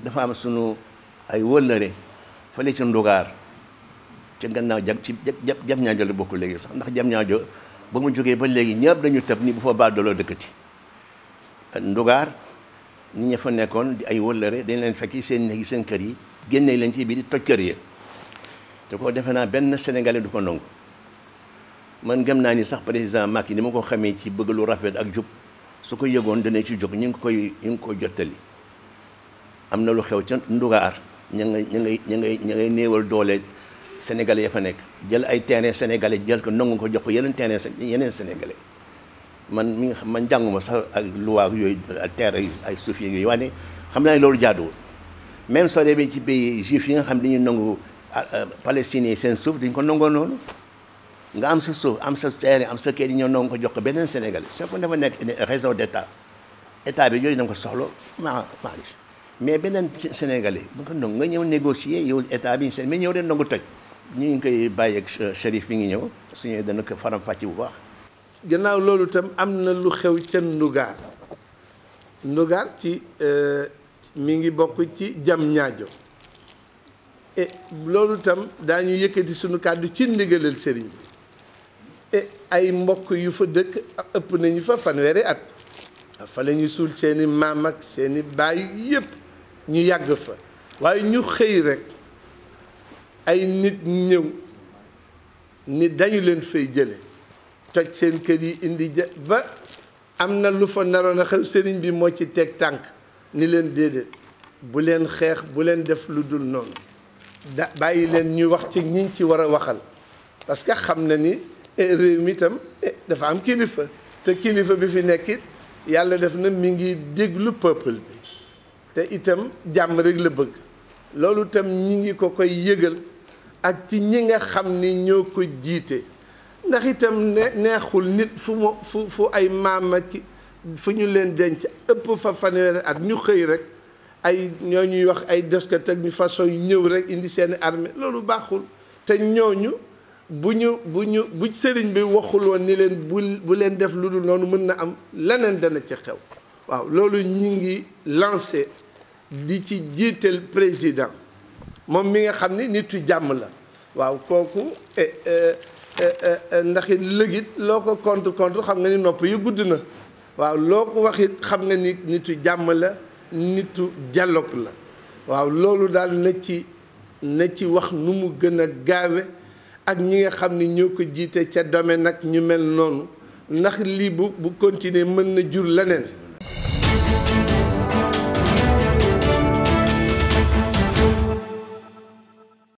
dafa am sunu ay wëllëre fële ci ndugaar ci naa jag ci ja jam ñaajo la bokk léegi sax ndax jam ñaajo ba mu jógee ba léegi ñëpp dañu tëb nii bu fa baadooloo dëkkati ndugaar nit ña nekkoon di ay wëllëre dañ leen fekk seen néeg seen kër yi génne leen ci biir di toj kër yi te ko defe naa benn sénégalais du ko nangu man gëm naa ni sax président Macky ni ma ko xamee ci bëgg lu rafet ak jub su ko yëgoon dana ci jóg ñu ngi koy ñu ngi koy jottali am na lu xew ca Ndugaar ña ngay ña ngay ña ngay ña ngay néewal doole sénégalais ya fa nekk jël ay terrain sénégalais jël ko nangu ko jox ko yeneen terrain yeneen sénégalais man mi nga xam man jànguma sax ak luwaak yooyu terre ay suuf yooyu waaye ne xam naa loolu jaaduwul même soo demee ci pays juif yi nga xam dañuy nangu palestiniens seen suuf dañ ko nangoo noonu nga am sa suuf am sa terrain am sa kër yi ñoo nangu ko jox ko beneen sénégalais soo ko dafa nekk réseau d' état état bi yooyu da ko soxla maa maa mais beneen Sénégalais ba nga nangu nga ñëw négocier yow état bi mais ñëw de nangu toj ñu ngi koy bàyyi ak mi ngi ñëw su dana ko faram-fàcce bu baax. gannaaw loolu itam am na lu xew ca Ndugaar Ndugaar ci euh, mi ngi bokk ci jam ñaajo e loolu itam daañu yëkkati sunu kàddu ci ndigalal sëriñ bi ay mbokk yu fa dëkk ëpp nañu fa fanweeri at fa ñuy suul seeni maam ak seeni baay yëpp ñu yàgg fa waaye ñu xëy rek ay nit ñëw ni dañu leen fay jële toj seen kër yi indi ja ba am na lu fa naroon a xew sëriñ bi moo ci teg tànk ni leen déedéet bu leen xeex bu leen def lu dul noonu da bàyyi leen ñuy wax ci ñiñ ci war a waxal parce que xam na ni réew mi itam dafa am kilifa te kilifa bi fi nekkit yàlla def na mi ngi déglu peuple bi te itam jàmm rek la bëgg loolu itam ñi ngi ko koy yëgal ak ci ñi nga xam ni ñoo ko jiite ndax itam ne neexul nit fu mu fu fu ay maama ci fu ñu leen denc ëpp fa fanweeri at rek ay ñoo ñuy wax ay deskat ak ñu façon ñëw rek indi seeni armée loolu baaxul te ñooñu bu ñu bu ñu bu sëriñ bi waxuloon ni leen bu bu leen def lu dul noonu mën na am leneen dana ci xew waaw loolu ñu ngi lancer di ci jiital président mom mi nga xamni ne nitu jàmm la waaw koku euh euh euh eh, ndax legit loko contre contre xam nga ni nopp yu gudd waaw loko waxit xam nga ni nitu jàmm la nitu dialogue la waaw loolu dal na ci na ci wax nu mu gëna gaawé ak ñi nga xamni ñoko ñoo ci domaine nak ñu mel non ndax li bu bu continuer mën na jur lenen